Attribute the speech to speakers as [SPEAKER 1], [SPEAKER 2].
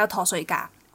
[SPEAKER 1] 有拖水㗎。